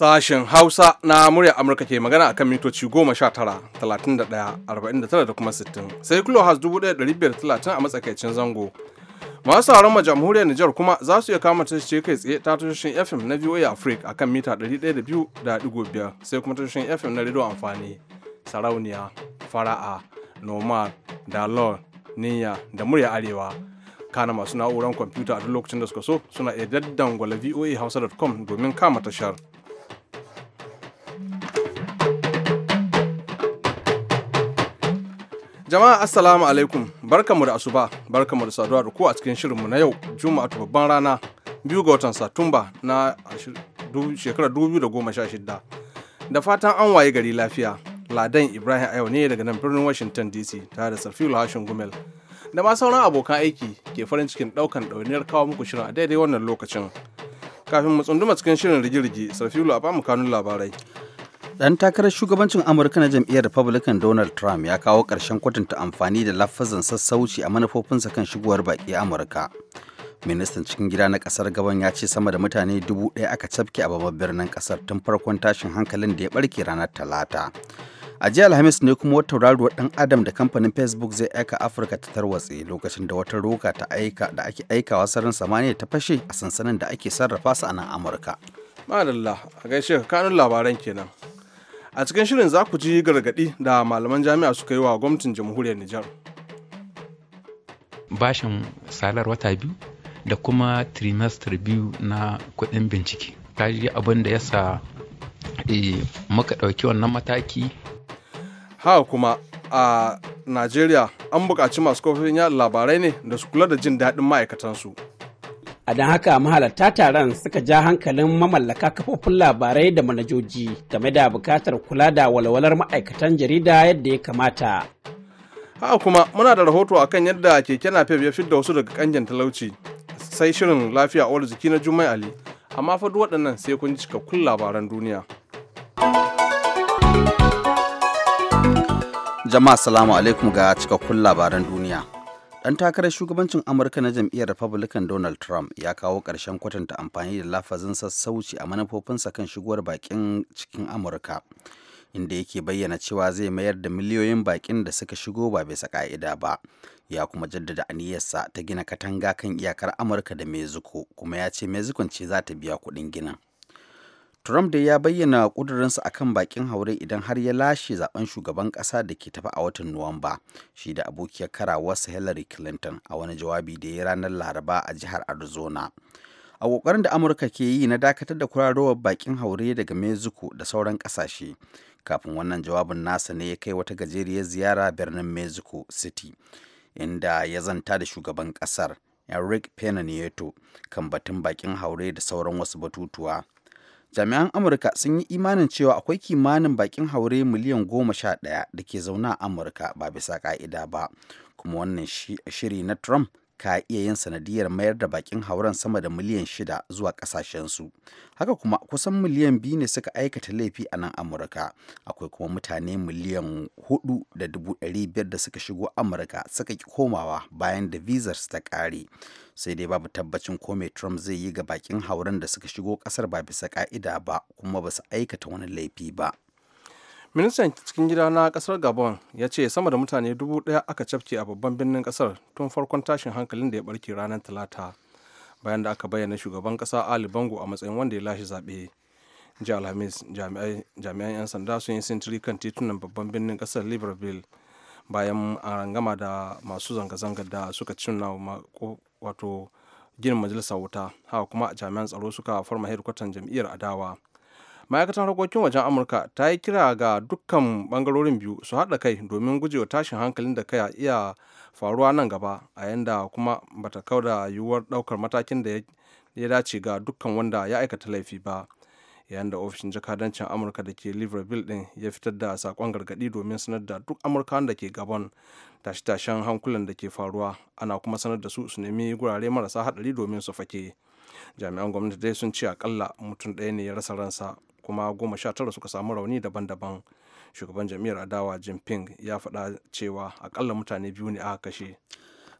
Sashen Hausa na murya Amurka ke magana akan mitoci 19, 31, 49 da kuma 60. Sai has 1530 a matsakaicin zango. Masu sauran ma jamhuriyar Nijar kuma za su iya kama tashoshi kai tsaye ta tashoshin FM na VOA Africa akan mita 102.5 sai kuma tashoshin FM na Radio Amfani, Sarauniya, Fara'a, Nomad, dalon Niyya da murya Arewa. kana masu na'uran kwamfuta a duk lokacin da suka so suna iya daddangwala hausa.com domin kama tashar. Jama'a Assalamu alaikum, barkamu da asuba, barkamu da saduwa da ku a cikin shirinmu na yau, Juma'a ta babban rana, biyu ga watan Satumba na shekarar 2016. Da fatan an waye gari lafiya, Ladan Ibrahim Ayo ne daga nan birnin Washington DC tare da Sarfilu Hashin Gumel. Da ma sauran abokan aiki ke farin cikin ɗaukan ɗauniyar kawo muku shirin a daidai wannan lokacin. Kafin mu tsunduma cikin shirin rigirigi, Sarfilu a mu kanun labarai. Dan takarar shugabancin Amurka na jam'iyyar Republican Donald Trump ya kawo ƙarshen kwatanta amfani da lafazan sassauci a manufofinsa kan shigowar baƙi Amurka. Ministan cikin gida na ƙasar gaban ya ce sama da mutane dubu ɗaya aka cafke a babban birnin ƙasar tun farkon tashin hankalin da ya ɓarke ranar Talata. A jiya Alhamis ne kuma wata tauraruwar ɗan Adam da kamfanin Facebook zai aika Afirka ta tarwatse lokacin da wata roka ta aika da ake aikawa sararin samaniya ta fashe a sansanin da ake sarrafa su a nan Amurka. Ma'adallah, a gaishe kanun labaran kenan. a cikin shirin za ku ji gargaɗi da malaman jami'a suka yi wa gwamnatin jamhuriyar nijar bashin salar wata biyu da kuma trimester biyu na kuɗin bincike ta ji abin da ya sa eh, muka ɗauki wannan mataki haka kuma a najeriya an buƙaci masu kofin yadda labarai ne da su kula da jin daɗin ma'aikatansu a don haka mahalarta taron suka ja hankalin mamallaka kafofin labarai da manajoji game da bukatar kula da walwalar ma'aikatan jarida yadda ya kamata haka kuma muna da rahoto a kan yadda keke napep ya fi da wasu daga kanjan talauci sai shirin lafiya a jiki na jummai ali amma fa duk waɗannan sai kun ji cikakkun labaran duniya jama'a salamu alaikum ga cikakkun labaran duniya Ɗan takarar shugabancin Amurka na jam'iyyar Republican Donald Trump ya kawo ƙarshen kwatanta amfani da lafazin sassauci a manufofinsa kan shigowar baƙin cikin Amurka, inda yake bayyana cewa zai mayar da miliyoyin baƙin da suka shigo ba bisa ƙa'ida ba. Ya kuma jaddada aniyarsa ta gina katanga kan iyakar Amurka da Mexico, kuma ya ce Mexico ce za ta biya kuɗin ginin. Trump dai ya bayyana ƙudurinsa a kan bakin haure idan har ya lashe zaben shugaban ƙasa da ke tafi a watan Nuwamba, shi da abokiyar karawarsa Hillary Clinton a wani jawabi da ya ranar Laraba a jihar Arizona. A ƙoƙarin da Amurka ke yi na dakatar da kurarowar bakin haure daga Mexico da sauran ƙasashe. Kafin wannan jawabin nasa ne ya kai wata gajeriyar ziyara birnin Mexico City, inda ya zanta da shugaban ƙasar, Enrique Pena Nieto, kan batun bakin haure da sauran wasu batutuwa. jami'an amurka sun yi imanin cewa akwai kimanin bakin haure miliyan goma sha ɗaya da ke zaune a amurka ba bisa ka'ida ba kuma wannan shiri na trump ka iya yin sanadiyar mayar da bakin hauren sama da miliyan shida zuwa kasashensu haka kuma kusan miliyan biyu ne suka aikata laifi a nan amurka akwai kuma mutane miliyan hudu da dubu dari biyar da suka shigo amurka suka ki komawa bayan da visar ta kare sai dai babu tabbacin ko mai trump zai yi ga bakin hauren da suka shigo kasar ba bisa ka'ida ba kuma ba su aikata wani laifi ba ministan cikin gida na kasar gabon ya ce sama da mutane dubu daya aka cafke a babban birnin kasar tun farkon tashin hankalin da ya barke ranar talata bayan da aka bayyana shugaban kasa ali bango a matsayin wanda ya lashe zaɓe ji alhamis jami'an 'yan sanda sun yi sintiri kan titunan babban birnin kasar libreville bayan a rangama da masu zanga-zanga da suka cinna wato ginin majalisar wuta haka kuma jami'an tsaro suka farma hedkwatan jam'iyyar adawa ma'aikatar harkokin wajen amurka ta yi kira ga dukkan bangarorin biyu su haɗa kai domin gujewa tashin hankalin da kai iya faruwa nan gaba a yanda kuma bata da yiwuwar ɗaukar matakin da ya dace ga dukkan wanda ya aikata laifi ba yayin da ofishin jakadancin amurka da ke liverpool din ya fitar da sakon gargadi domin sanar da duk amurkawan da ke gabon tashe-tashen hankulan da ke faruwa ana kuma sanar da su su nemi gurare marasa hadari domin su fake jami'an gwamnati dai sun ce akalla mutum ɗaya ne ya rasa ransa kuma goma sha tara suka samu rauni daban-daban shugaban jam'iyyar adawa jinping ya faɗa cewa akalla mutane biyu ne aka kashe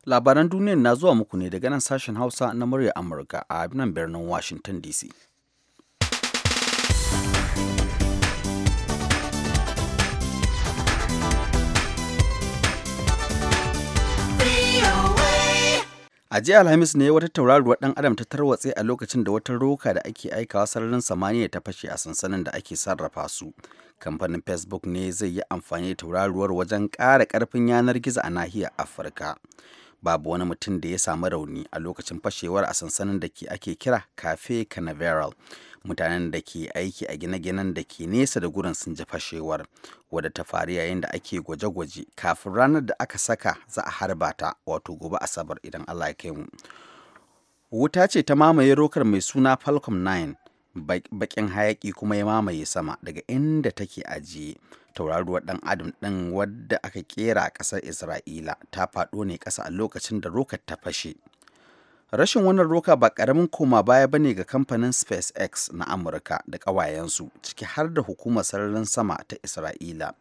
labaran duniyar na zuwa muku ne daga nan sashen hausa na muryar amurka a nan birnin washington dc a jiya alhamis ne wata tauraruwar ɗan adam ta tarwatse a lokacin da wata roka da ake aikawa sararin samaniya ta fashe a sansanin da ake sarrafa su kamfanin facebook ne zai yi amfani da tauraruwar wajen ƙara ƙarfin yanar gizo a nahiyar afirka babu wani mutum da ya samu rauni a lokacin fashewar a sansanin da ke ake kira cafe canaveral mutanen da ke aiki a gine-ginen da ke nesa da gurin sun ji fashewar wadda ta faru yayin da ake gwaje-gwaje kafin ranar da aka saka za a harba ta wato gobe asabar idan allah ya kai mu wuta ce ta mamaye rokar mai suna falcom 9 bakin hayaki kuma ya mamaye sama daga inda take ajiye tauraruwar dan adam din wadda aka kera a kasar isra'ila ta faɗo ne ƙasa a lokacin da rokar ta fashe rashin wannan roka ba ƙaramin koma baya bane ga kamfanin SpaceX na Amurka da ƙawayensu ciki har da hukumar sararin sama ta Isra'ila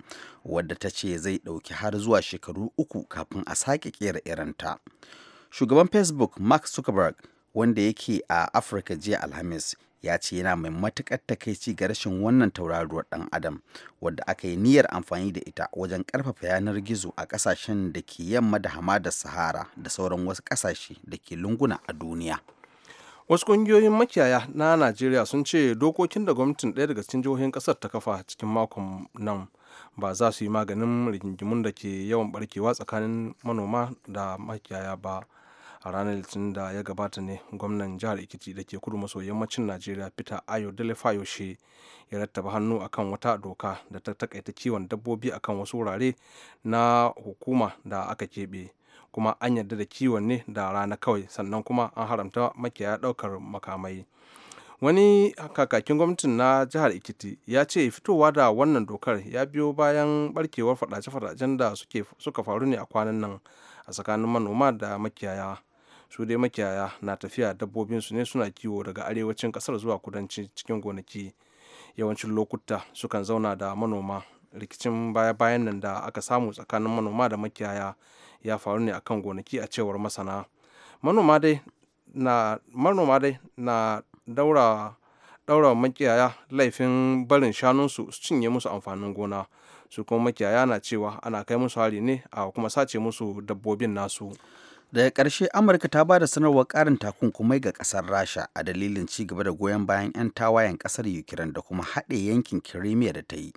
wadda ta ce zai ɗauki har zuwa shekaru uku kafin a sake ƙera iranta. Shugaban Facebook Mark Zuckerberg wanda yake a Afirka jiya Alhamis ya ce yana mai matuƙar takaici ga rashin wannan tauraruwar ɗan adam wadda aka yi niyyar amfani da ita wajen karfafa yanar gizo a ƙasashen da ke yamma da hamadar sahara da sauran wasu kasashe da ke lunguna a duniya wasu ƙungiyoyin makiyaya na najeriya sun ce dokokin da gwamnatin ɗaya daga cikin jihohin ƙasar ta kafa cikin makon nan ba za su yi maganin rigingimun da ke yawan barkewa tsakanin manoma da makiyaya ba a ranar litinin da ya gabata ne gwamnan jihar ikiti da ke kudu maso yammacin najeriya peter ayo delefa yaushe ya rattaba hannu akan wata doka da ta takaita kiwon dabbobi akan wasu wurare na hukuma da aka keɓe kuma an yarda da kiwon ne da rana kawai sannan kuma an haramta makiyaya ɗaukar makamai wani kakakin gwamnatin na jihar ikiti ya ce fitowa da wannan dokar ya biyo bayan barkewar fadace-fadacen da suka faru ne a kwanan nan a tsakanin manoma da makiyaya su dai makiyaya na tafiya dabbobinsu ne suna kiwo daga arewacin kasar zuwa kudancin cikin gonaki yawancin lokuta sukan zauna da manoma rikicin baya-bayan nan da aka samu tsakanin manoma da makiyaya ya faru ne akan gonaki a cewar masana manoma dai na daura daura makiyaya laifin barin shanunsu su cinye musu amfanin gona su kuma makiyaya na cewa ana kai musu hari ne a kuma sace musu dabbobin nasu daga ƙarshe amurka ta ba da sanarwar ƙarin takunkumai ga ƙasar rasha a dalilin ci gaba da goyon bayan 'yan tawayen ƙasar ukraine da kuma haɗe yankin kirimiya da ta yi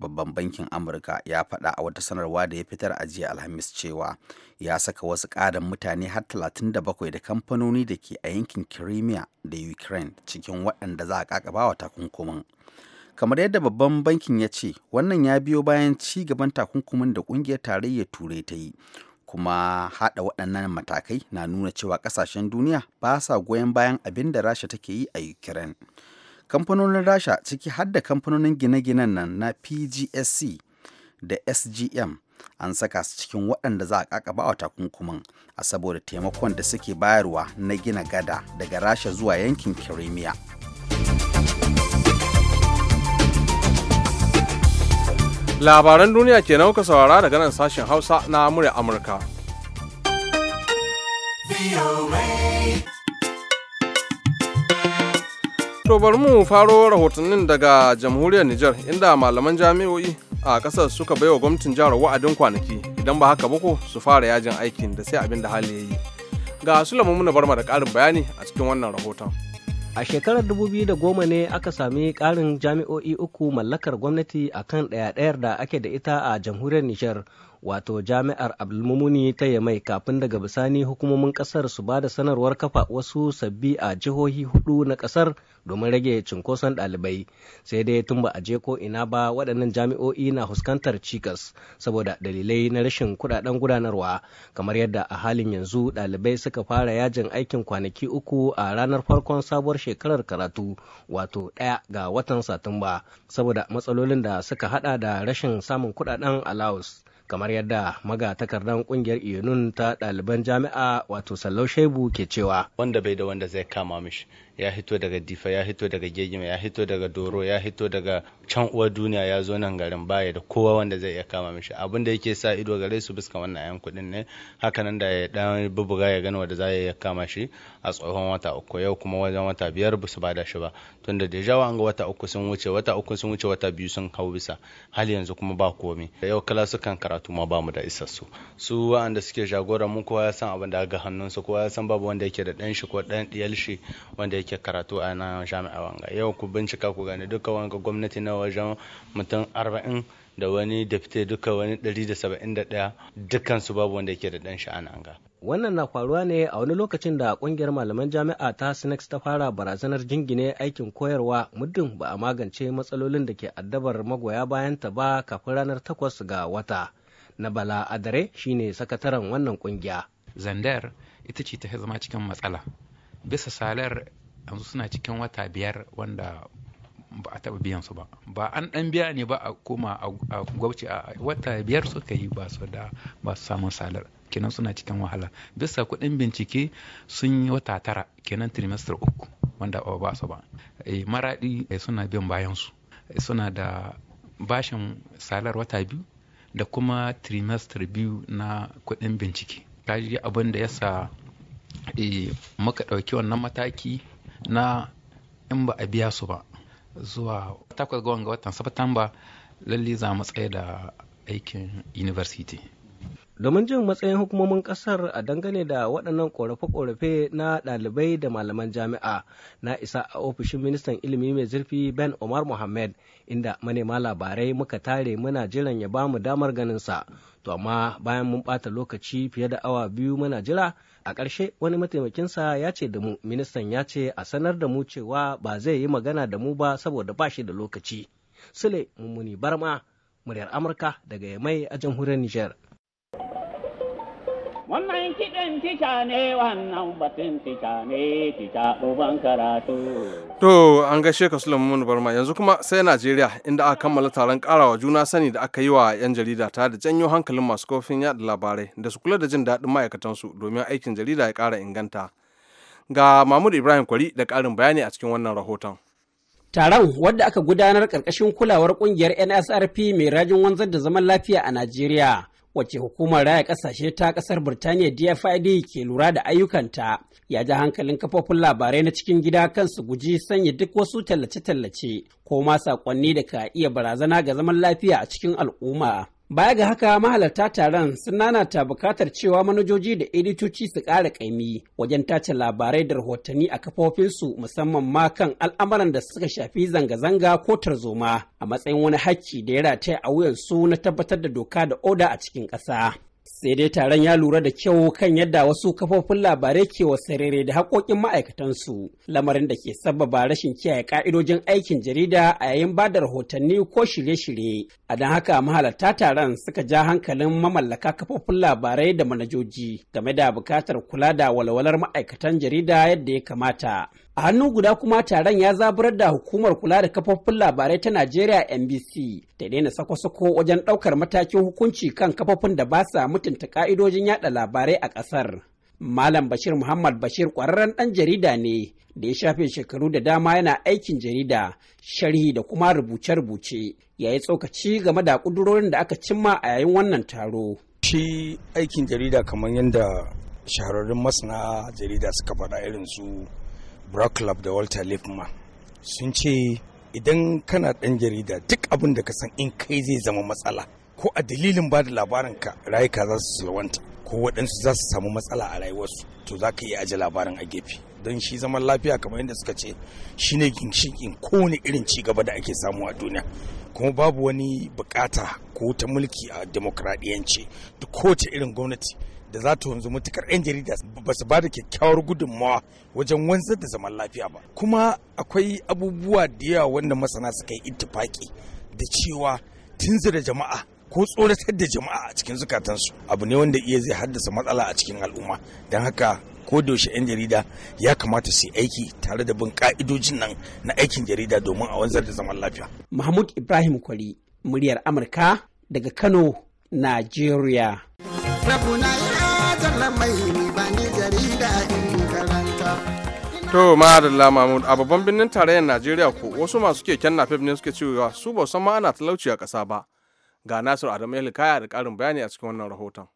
babban bankin amurka ya faɗa a wata sanarwa da ya fitar a jiya alhamis cewa ya saka wasu ƙarin mutane har 37 da kamfanoni da ke a yankin kirimiya da ukraine cikin waɗanda za a ƙaƙabawa takunkumin kamar yadda babban bankin ya ce wannan ya biyo bayan ci gaban takunkumin da ƙungiyar tarayyar turai ta yi kuma haɗa waɗannan matakai na nuna cewa ƙasashen duniya ba sa goyon bayan abin da rasha take yi a ukraine kamfanonin rasha ciki har da kamfanonin gine-ginen nan na pgsc da sgm an saka su cikin waɗanda za a kakaba wa takunkumin a saboda taimakon da suke bayarwa na gina gada daga rasha zuwa yankin kirimiya. labaran duniya kenan kuka saurara daga nan sashen hausa na murya amurka To bari mu faro rahotannin daga jamhuriyar Nijar inda malaman jami'o'i a ƙasar suka baiwa gwamnatin jihar wa'adin kwanaki idan ba haka ko su fara yajin aikin da sai abin da hali ya yi. Ga Sulaiman Muna Barma da ƙarin bayani a cikin wannan rahoton. A shekarar 2010 ne aka sami ƙarin jami'o'i uku mallakar gwamnati a kan ɗaya-ɗayar da ake da ita a jamhuriyar Nijar wato jami'ar abdulmumuni ta yamai kafin daga bisani hukumomin kasar su ba da sanarwar kafa wasu sabbi a jihohi hudu na kasar domin rage cinkoson ɗalibai sai dai tun ba a je ko ina ba waɗannan jami'o'i na fuskantar cikas saboda dalilai na rashin kudaden gudanarwa kamar yadda a halin yanzu dalibai suka fara yajin aikin kwanaki uku a ranar farkon sabuwar shekarar karatu wato ɗaya ga watan satumba saboda matsalolin da suka hada da rashin samun kudaden a kamar yadda magatakardan kungiyar iyonun ta ɗaliban jami'a wato sallau Shaibu ke cewa wanda bai da wanda zai kama mishi ya hito daga difa ya hito daga gegima ya hito daga doro ya hito daga can uwar duniya ya zo nan garin baya da kowa wanda zai iya kama mishi abin da yake sa ido gare su biska wannan ayan kuɗin ne hakanan da ya dan bubuga ya gani wanda za iya kama shi a tsohon wata uku yau kuma wajen wata biyar ba su bada shi ba tunda da jawa an ga wata uku sun wuce wata uku sun wuce wata biyu sun hau bisa hal yanzu kuma ba komai yau kala su kan karatu ma bamu da isassu su wa'anda suke jagoran mu kowa ya san abin da ga hannunsu kowa ya san babu wanda yake da ɗan shi ko ɗan ɗiyal shi wanda yake karatu a nan jami'a wanga yau ku bincika ku gani duka wanga gwamnati na wajen mutum arba'in da wani dafite duka wani 171 dukansu babu wanda yake da dan sha'an Wannan na faruwa ne a wani lokacin da kungiyar malaman jami'a ta Sinex ta fara barazanar jingine aikin koyarwa muddin ba a magance matsalolin da ke addabar magoya bayanta ba kafin ranar takwas ga wata. Na Bala Adare shine sakataren wannan kungiya. Zandar ita ce ta zama cikin matsala. Bisa salar yanzu suna cikin wata biyar wanda ba a taɓa biyan su ba ba an ɗan biya ne ba a koma a gwabci a wata biyar suka yi ba su da ba su samun salar kenan suna cikin wahala bisa kuɗin bincike sun yi wata tara kenan trimester uku wanda ba su ba eh, maraɗi eh, suna biyan bayan su eh, suna da bashin salar wata biyu da kuma trimester biyu na kuɗin bincike kaji abin da ya sa muka ɗauki wannan mataki na in ba a biya su ba zuwa takwas ga wanga watan Satumba lalle za mu tsaye da aikin university. Domin jin matsayin hukumomin kasar a dangane da waɗannan ƙorafe-ƙorafe na ɗalibai da malaman jami'a na isa a ofishin ministan ilimi mai zurfi Ben Omar Mohammed inda manema labarai muka tare muna jiran ya bamu damar ganinsa. To amma bayan mun ɓata lokaci fiye da awa biyu muna jira a ƙarshe wani mataimakinsa ya ce da mu ministan ya ce a sanar da mu cewa ba zai yi magana da mu ba saboda ba shi da lokaci sule mummuni barma muryar amurka daga yamai a jamhuriyar nijar wannan kiɗin tica ne wannan batun tica ne tica ɗuban karatu. To an gaishe ka Sulaiman Barma yanzu kuma sai Najeriya inda aka kammala taron karawa juna sani da aka yi wa 'yan jarida ta da janyo hankalin masu kofin yada labarai da su kula da jin daɗin ma'aikatansu domin aikin jarida ya ƙara inganta. Ga Mahmud Ibrahim Kwari da ƙarin bayani a cikin wannan rahoton. Taron wadda aka gudanar ƙarƙashin kulawar ƙungiyar NSRP mai rajin wanzar da zaman lafiya a Najeriya wacce hukumar raya kasashe ta kasar Birtaniya DFID ke lura da ayyukanta ya ji hankalin kafofin labarai na cikin gida kansu guji sanya duk wasu tallace-tallace ko ma saƙonni da ka iya barazana ga zaman lafiya a cikin al'umma. Baya ga haka mahalarta taron sun nanata bukatar cewa manajoji da editoci su ƙara ƙaimi wajen tace labarai da rahotanni a kafofinsu musamman ma kan al'amuran da suka shafi zanga-zanga ko tarzoma a matsayin wani hakki da ya rataya a wuyansu na tabbatar da doka da oda a cikin ƙasa. sai dai taron ya lura da kyau kan yadda wasu kafofin labarai ke wasarere da haƙoƙin ma'aikatansu lamarin da ke sababa rashin kiyaye ƙa'idojin aikin jarida a yayin ba da rahotanni ko shirye-shirye a don haka mahalarta taron suka ja hankalin mamallaka kafofin labarai da manajoji game da buƙatar kula da walwalar ma'aikatan jarida yadda ya kamata. a hannu guda kuma taron ya zaburar da hukumar kula da kafofin labarai ta najeriya nbc ta daina sako-sako wajen ɗaukar matakin hukunci kan kafofin da ba sa mutunta ka'idojin yada labarai a ƙasar malam bashir muhammad bashir kwararren ɗan jarida ne da ya shafe shekaru da dama yana aikin jarida sharhi da kuma rubuce-rubuce ya yi tsokaci game da ƙudurorin da aka cimma a yayin wannan taro shi aikin jarida kamar yadda shahararrun masana jarida suka faɗa irin su brock club da walter lippman sun ce idan kana ɗan jarida duk abin da ka san in kai zai zama matsala ko a dalilin ba da labarin ka rayuka za su salwanta ko waɗansu za su samu matsala a rayuwarsu to za ka iya aje labarin a gefe don shi zaman lafiya kamar yadda suka ce shi ne ginshikin kowane irin ci gaba da ake samu a duniya kuma babu wani bukata ko ta mulki a demokradiyanci da kowace irin gwamnati da za ta wanzu matukar 'yan jarida ba su ba da kyakkyawar gudunmawa wajen wanzar da zaman lafiya ba kuma akwai abubuwa da yawa wanda masana suka yi ittifaki da cewa tunzura jama'a ko tsoratar da jama'a a cikin zukatansu abu ne wanda iya zai haddasa matsala a cikin al'umma don haka ko da yaushe 'yan jarida ya kamata su yi aiki tare da bin ka'idojin nan na aikin jarida domin a wanzar da zaman lafiya. Mahmud Ibrahim Kwari, muryar Amurka daga Kano, Najeriya. na mahmud a babban birnin tarayyar najeriya ko wasu masu keken nafef ne suke cewa su ba san ma ana talauci a ƙasa ba ga nasir adamu ya da ƙarin bayani a cikin wannan rahoton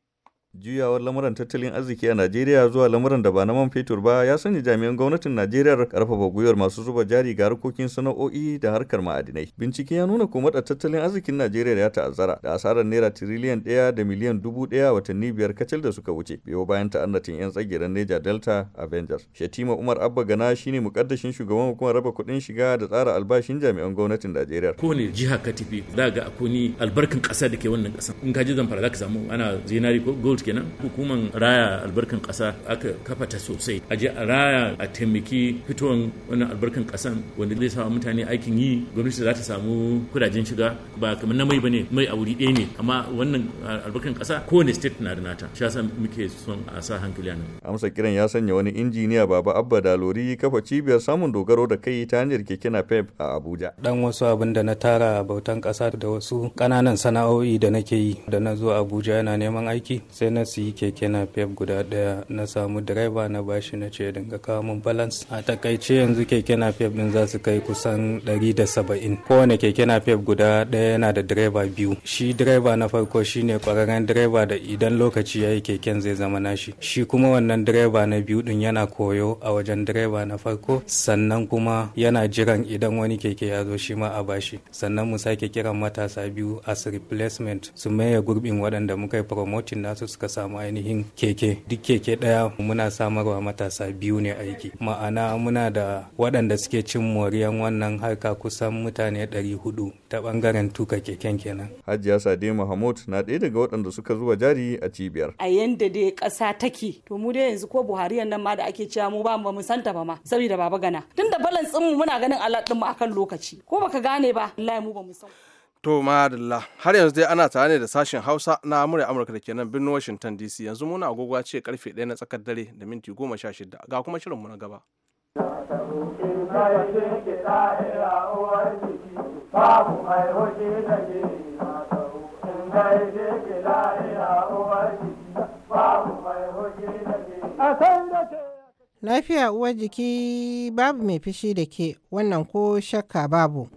Juyawar lamuran tattalin arziki a Najeriya zuwa lamuran da ba na man fetur ba ya sanya jami'an gwamnatin Najeriya karfafa gwiwar masu zuba jari ga harkokin sana'o'i da harkar ma'adinai. Bincike ya nuna kuma da tattalin arzikin Najeriya ya ta'azzara da asarar naira tiriliyan ɗaya da miliyan dubu ɗaya watanni biyar kacal da suka wuce biyo bayan ta'annatin 'yan tsagiran Neja Delta Avengers. Shatima Umar Abba Gana shi ne mukaddashin shugaban hukumar raba kuɗin shiga da tsara albashin jami'an gwamnatin Najeriya. Kowane jiha ka tafi za ga ni albarkin ƙasa da ke wannan ƙasa. In ka ji zamfara za ka samu ana zinari ko gold kenan hukuman raya albarkan kasa aka kafa ta sosai a je a raya a taimaki fitowar wannan albarkan ƙasan wanda zai sa mutane aikin yi gwamnati za ta samu kudajen shiga ba kamar na mai bane mai a wuri ɗaya ne amma wannan albarkan ƙasa kowane state na da nata shi yasa muke son a sa hankali nan amsa kiran ya sanya wani injiniya baba abba dalori kafa cibiyar samun dogaro da kai ta hanyar keke pep a abuja dan wasu abin da na tara bautan kasa da wasu kananan sana'o'i da nake yi da na zo abuja yana neman aiki sai na siyi keke na pep guda daya na samu direba na bashi na ce dinga kawo min balance a takaice yanzu keke na pep din za su kai kusan 170 kowane keke na pep guda daya yana da direba biyu shi direba na farko shine kwararren direba da idan lokaci yayi keken zai zama nashi shi kuma wannan direba na biyu din yana koyo a wajen direba na farko sannan kuma yana jiran idan wani keke ya zo shi ma a bashi sannan mu sake kiran matasa biyu as replacement su maye gurbin waɗanda muka yi promoting nasu suka samu ainihin keke duk keke daya muna samarwa matasa biyu ne aiki ma'ana muna da waɗanda suke cin moriyan wannan harka kusan mutane ɗari 400 ta bangaren tuka keken kenan hajiya sade mahmud na ɗaya daga waɗanda suka zuba jari a cibiyar a yanda dai ƙasa take to mu dai yanzu ko buhari nan ma da ake cewa mu ba mu santa ba ma saboda baba gana tunda balance mu muna ganin alat din mu akan lokaci ko baka gane ba wallahi mu ba mu san To madalla har yanzu dai ana tare ne da sashen Hausa na murya Amurka da ke birnin Washington DC yanzu muna agogwa ce karfe 1 na tsakar dare da minti 16 ga kuma mu na gaba. A Lafiya uwar jiki babu mai fishi da ke wannan ko shakka babu.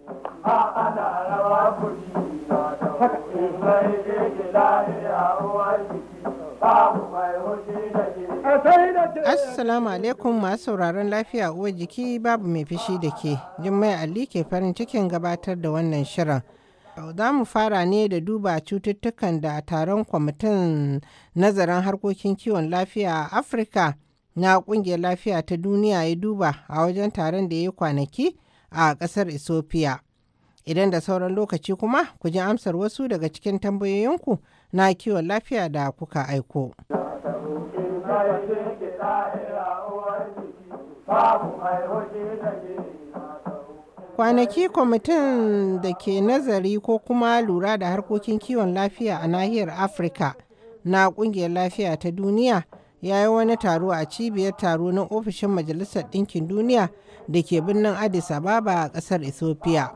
Assalamu alaikum masu sauraron lafiya uwar jiki babu mai fishi da ke. Jummai Ali ke farin cikin gabatar da wannan shirin. Za mu fara ne da duba cututtukan da taron kwamitin nazarin harkokin kiwon lafiya a Afirka. na kungiyar lafiya ta duniya ya duba a wajen taron da ya yi kwanaki a ƙasar Ethiopia. Idan da sauran lokaci kuma ku ji amsar wasu daga cikin tambayoyinku na kiwon lafiya da kuka aiko. Kwanaki kwamitin da ke nazari ko kuma lura da harkokin kiwon lafiya a nahiyar Afirka na kungiyar lafiya ta duniya ya yi wani taro a cibiyar taro na ofishin majalisar ɗinkin duniya da ke birnin addis ababa a ƙasar ethiopia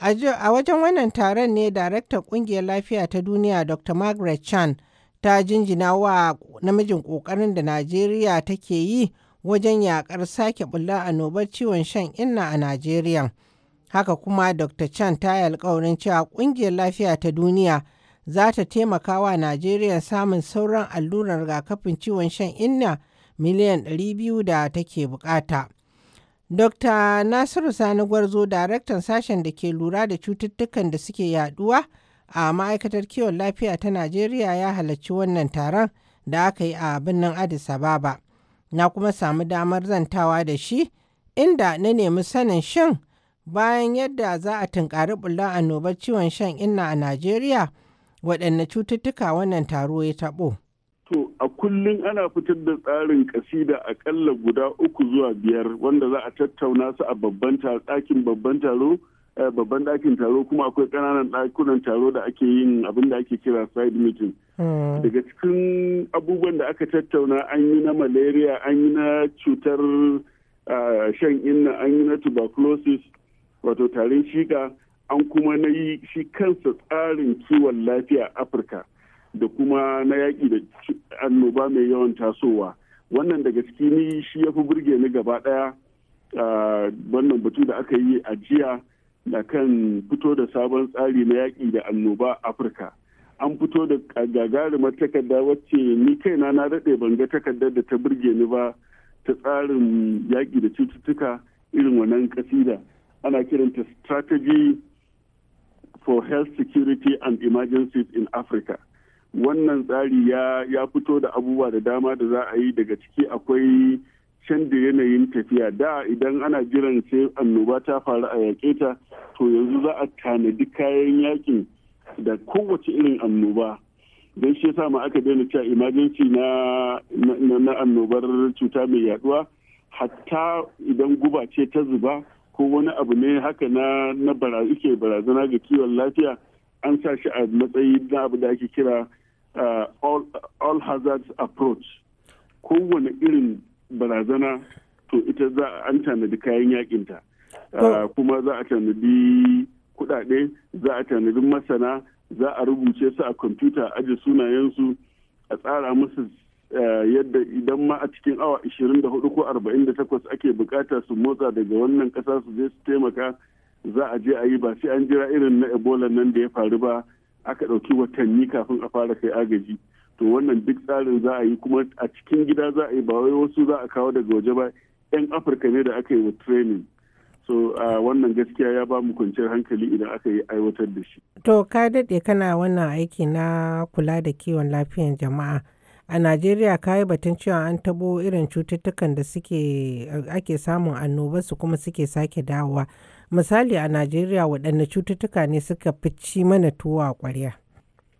a wajen wannan taron ne daraktar ƙungiyar lafiya ta duniya dr margaret chan ta jinjina wa namijin ƙoƙarin da najeriya take yi wajen yaƙar sake bulla annobar ciwon shan inna a najeriya haka kuma dr chan ta yi alkawarin cewa ƙungiyar lafiya ta duniya za ta taimaka wa Najeriya samun sauran allurar rigakafin ciwon shan inna miliyan 200 da take bukata. Dr. Nasiru Sani Gwarzo, daraktan sashen da ke lura da cututtukan da suke yaduwa a ma'aikatar kiwon lafiya ta Najeriya ya halarci wannan taron da aka yi a birnin Addis Ababa. Na kuma samu damar zantawa da shi inda na nemi sanin shan bayan yadda za a tunkari bullon annobar ciwon shan inna a Najeriya. waɗanne cututtuka wannan taro ya taɓo? To, a kullum ana fitar da tsarin kasida akalla guda uku zuwa biyar wanda za a tattauna su a babban ɗakin babban taro, eh, babban ɗakin taro kuma akwai ƙananan ɗakunan taro da ake yin abin da ake kira side meeting. Hmm. Daga cikin abubuwan da aka tattauna an yi na malaria, an yi na cutar ah, shan inna, an yi na tuberculosis, wato tarin shika. an kuma na yi shi kansa tsarin kiwon lafiya a afirka da kuma na yaƙi da annoba mai yawan tasowa wannan daga ciki ni shi ya fi burge ni gaba ɗaya wannan batu da aka yi a jiya da kan fito da sabon tsari na yaƙi da annoba a afirka an fito da gagarumar takarda wacce ni kaina na daɗe ban ga takardar da ta burge ni ba ta tsarin yaƙi da cututtuka irin wannan ƙasida ana kiranta strategy for health security and emergencies in Africa. Wannan tsari ya fito da abubuwa da dama da za a yi daga ciki akwai canza yanayin tafiya da idan ana jiran sai annoba ta faru a yaƙe ta to yanzu za a tanadi kayan yakin da kowace irin annoba don shi yasa ma aka daina cewa emergency na na annobar cuta mai yaduwa hatta idan guba ce ta zuba ko wani abu ne haka na na barazana ga kiwon lafiya an sa shi a matsayi na abu da ake kira uh, all hazards approach kowane irin barazana to ita za an tanadi kayan yakinta uh, kuma za a tanadi kudade za a tanadi masana za a rubuce su a kwamfuta ajiye sunayensu a tsara musu Eh, yadda idan ma a cikin awa 24 ko 48 ake bukata su motsa daga wannan kasa su je su taimaka za a je a yi ba sai an jira irin na ebola nan da ya faru ba aka ɗauki watanni kafin a fara kai agaji to wannan duk tsarin za a yi kuma a cikin gida za a yi ba wai wasu za a kawo daga waje ba 'yan afirka ne da aka yi wa training so a uh, wannan gaskiya ya ba mu kwanciyar hankali idan aka yi aiwatar da shi to ka daɗe kana wannan aiki na kula da kiwon lafiyan jama'a A Najeriya ka yi batun cewa an tabo irin cututtukan da suke ake samun annoba su kuma suke sake dawowa. Misali a Najeriya waɗanne cututtuka ne suka fi ci mana tuwa a ƙwarya?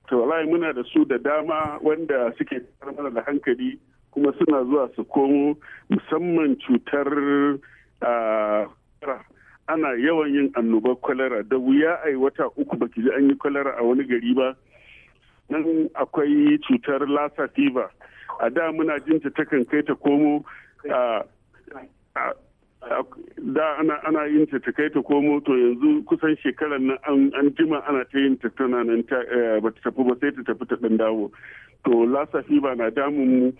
To wallahi muna da su da dama wanda suke mana da hankali kuma suna zuwa su komo musamman cutar ana yawan yin annobar kwalara da wuya a wata uku baki ji an yi kwalara a wani gari ba nan akwai cutar lassa fever a da muna jin ta takan kai ta komo da ana yin ta ta kai ta komo to yanzu kusan shekarar nan an jima ana ta yin ta tana nan ta eh, ba ta tafi ba sai ta tafi ta dan dawo to lassa fever na damun mu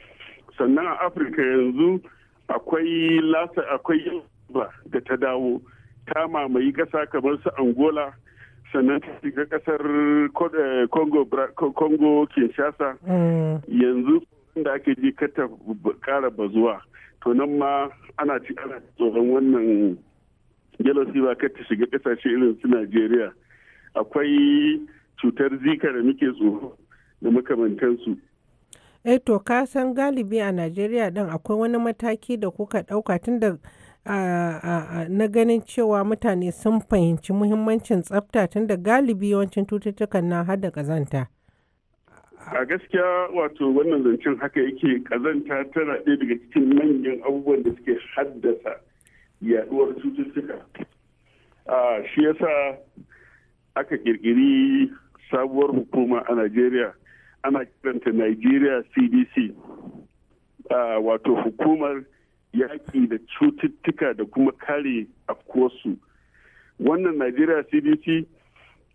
sannan a afirka yanzu akwai lassa akwai da ta dawo ta mamayi kasa kamar su angola sannan ta shiga kasar eh, congo kinshasa mm. yanzu da ake ji kata kara bazuwa to nan ma ana ci ana tsoron wannan jealousy ba kata shiga kasashe irin su nigeria akwai cutar zika da muke tsoro da makamantansu eh to ka san galibi a nigeria din akwai wani mataki da kuka dauka tun da na ganin cewa mutane sun fahimci muhimmancin tsafta tunda galibi yawancin cututtukan na hada kazanta. a gaskiya wato wannan zancen haka yake kazanta tana ɗaya daga cikin manyan abubuwan da suke haddasa yaduwar cututtuka shi yasa aka kirkiri sabuwar hukuma a najeriya ana kiranta nigeria cdc wato hukumar yaƙi da cututtuka da kuma kare afkuwarsu wannan najeriya cdc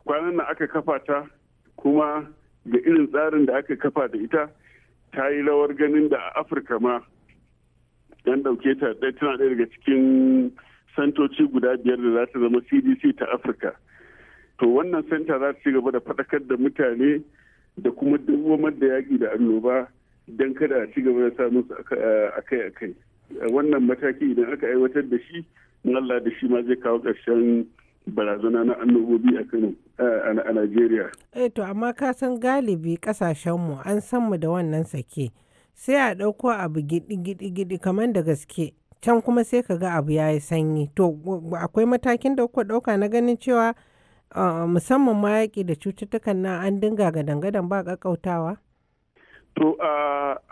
kwanan na aka kafa ta kuma ga irin tsarin da aka kafa da ita ta yi rawar ganin da a afirka ma yan dauke ta ɗaya tana ɗaya daga cikin santoci guda biyar da za ta zama cdc ta afirka to wannan santa za ta ci gaba da faɗakar da mutane da kuma dawamar da yaƙi da annoba don kada a ci gaba da samun su akai-akai. wannan mataki idan aka aiwatar da shi Allah da shi ma zai kawo ƙarshen barazana na annobobi a Kano a Najeriya. Eh to amma ka san galibi ƙasashenmu an san mu da wannan sake sai a ɗauko abu gidi-gidi kamar da gaske can kuma sai ka ga abu ya yi sanyi to akwai matakin da kuka ɗauka na ganin cewa uh, musamman ma yaƙi da cututtukan na an dinga gadan-gadan ba ƙaƙƙautawa? To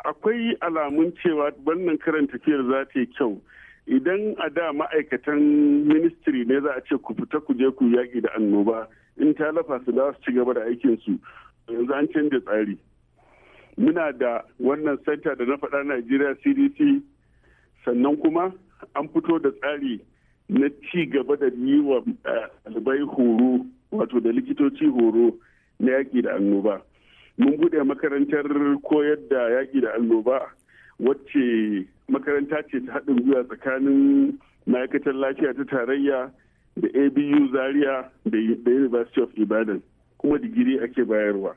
akwai alamun cewa wannan karan tafiyar za ta yi kyau. Idan a da ma'aikatan ministry ne za a ce ku fita ku je ku yaƙi da annoba in ta lafa su za su ci gaba da aikinsu yanzu an canza tsari. Muna da wannan center da na faɗa Najeriya CDC sannan kuma an fito da tsari na ci gaba da yi wa eh, ɗalibai horo wato da likitoci horo na yaƙi da annoba. mun bude makarantar koyar da yaƙi da annoba wacce makaranta ce ta haɗin gwiwa tsakanin ma'aikatar lafiya ta tarayya da abu zaria da university of ibadan kuma digiri ake bayarwa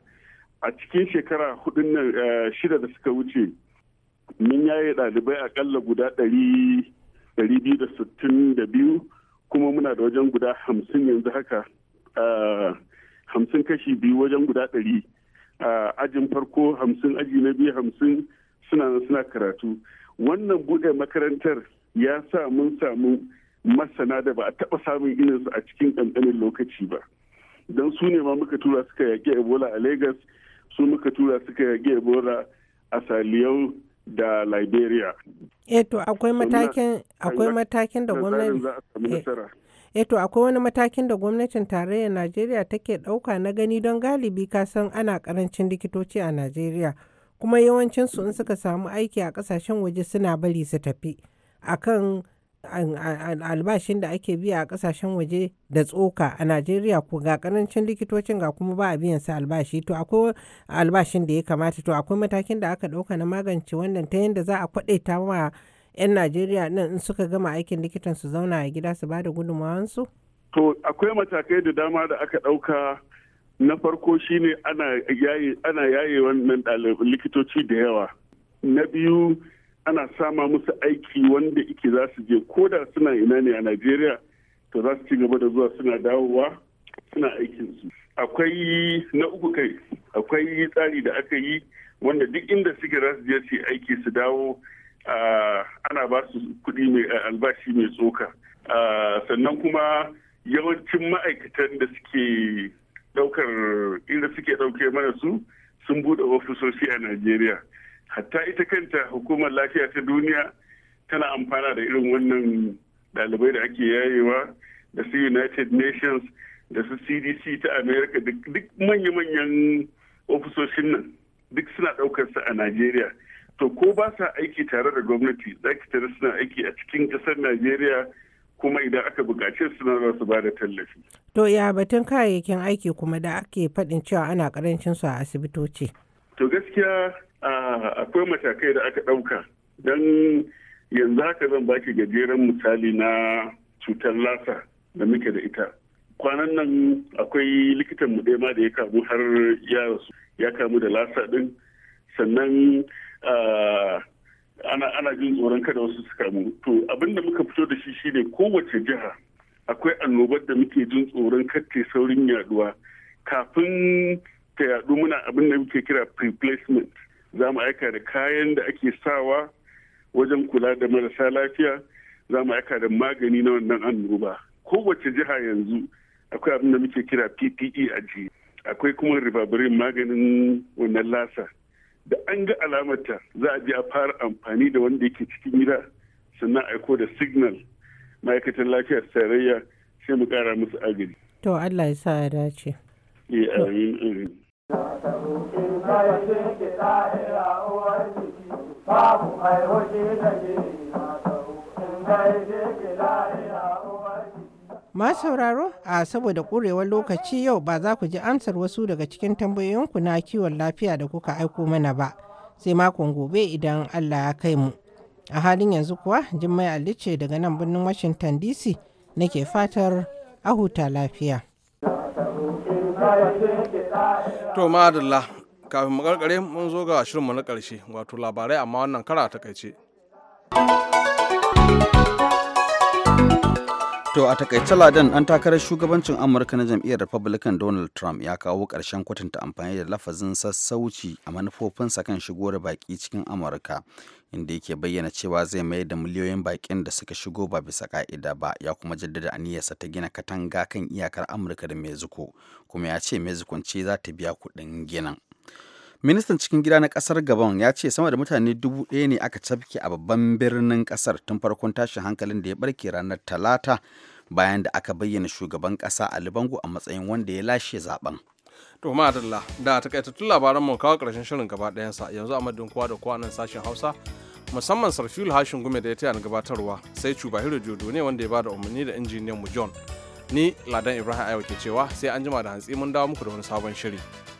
a cikin shekara hudun nan eh, shida da suka wuce mun yaye ɗalibai akalla guda ɗari biyu da sittin da biyu kuma muna da wajen guda hamsin yanzu haka eh, hamsin kashi biyu wajen guda ɗari a ajin farko hamsin aji na biyu hamsin suna suna karatu wannan bude makarantar ya sa mun samu masana da ba a taba samun su a cikin kankanin lokaci ba don su ne ma muka tura suka yaƙi ebola a lagos su muka tura suka yaƙi ebola a saliyau da liberia eto eh, akwai matakin da gwamnati Eto eh akwai wani matakin da gwamnatin tarayyar Najeriya take ɗauka na gani don galibi kasan ana karancin likitoci a Najeriya kuma yawancinsu in suka samu aiki a kasashen waje suna bari su tafi akan albashin da ake biya a kasashen waje da tsoka a Najeriya ko ga karancin likitocin ga kuma ba a biyan su albashi to akwai albashin da ya kamata to akwai matakin da aka ɗauka na magance wannan ta yadda za a kwadaita ma 'yan Najeriya nan in suka gama aikin likitan su zauna a gida su bada gudunmawansu? To akwai matakai da dama da aka ɗauka na farko shine ana yaye ana yaye likitoci da yawa. Na biyu ana sama musu aiki wanda ike za su je ko da suna ina ne a Najeriya to za su ci gaba da zuwa suna dawowa suna aikinsu. Akwai na uku kai akwai tsari da aka yi wanda duk inda suke za su je su aiki su dawo ana ba su kuɗi mai albashi mai tsoka sannan kuma yawancin ma'aikatan da suke ɗaukar inda suke ɗauke mana su sun buɗe ofisoshi a najeriya hatta ita kanta hukumar lafiya ta duniya tana amfana da irin wannan dalibai da ake yayewa da su united nations da su cdc ta america duk manya-manyan ofisoshin nan duk suna ɗaukarsa a najeriya to ko ba sa aiki tare da gwamnati za ki tare suna aiki a cikin ƙasar najeriya kuma idan aka buƙace suna za su ba da tallafi to ya batun kayayyakin aiki kuma da ake faɗin cewa ana ƙarancin su a asibitoci to gaskiya akwai matakai da aka ɗauka don yanzu haka zan baki gajeren misali na cutar lasa da muke da ita kwanan nan akwai likitan mu ɗaya ma da ya kamu har ya ya kamu da lasa ɗin sannan Eh, ana jin tsoron kada wasu su kamu to abin da muka fito da shi shine kowace jiha akwai annobar da muke jin tsoron katte saurin yaduwa kafin ta yadu muna abin da muke kira pre-placement za mu aika da kayan da ake sawa wajen kula da marasa lafiya za mu aika da magani na wannan annoba kowace jiha yanzu akwai abin da muke kira ppe a ji akwai kuma ribabirin maganin wannan lasa da an ga alamata za a je a fara amfani da wanda yake cikin gida sannan aiko da signal ma'aikatan lafiyar tarayya sai mu kara musu agiri. To Allah ya sa ya dace. Eh amin amin. Babu mai hoji da ke mata, in dai ke la'ira Ma sauraro a saboda ƙurewar lokaci yau ba za ku ji amsar wasu daga cikin tambayoyinku na kiwon lafiya da kuka aiko mana ba sai makon gobe idan Allah ya kai mu. A halin yanzu kuwa Jummai Ali ce daga nan birnin Washington DC nake fatar a huta lafiya. To madalla kafin mu karkare mun zo ga shirinmu na karshe wato labarai amma wannan kara ta takaice. To a takaice ladan an takarar shugabancin Amurka na jam'iyyar Republican Donald Trump ya kawo ƙarshen kwatanta amfani da lafazin sassauci a manufofinsa kan shigo da baƙi cikin Amurka, inda yake bayyana cewa zai mayar da miliyoyin baƙin da suka shigo ba bisa ka'ida ba, ya kuma jaddada aniyarsa ta gina katanga kan iyakar Amurka da Mexico, kuma ya ce Mexico ce za ta biya kuɗin ginin. ministan cikin gida na kasar gabon ya ce sama da mutane dubu ɗaya ne aka cafke a babban birnin kasar tun farkon tashin hankalin da ya barke ranar talata bayan da aka bayyana shugaban kasa a bango a matsayin wanda ya lashe zaben to ma'adalla da takaitattun labaran mu kawo karshen shirin gaba sa yanzu a madadin kowa da kowa nan sashen hausa musamman sarfil hashin gume da ya taya gabatarwa sai cubahiro jodo ne wanda ya bada umarni da injiniyan mu john ni ladan ibrahim ayo ke cewa sai an jima da hantsi mun dawo muku da wani sabon shiri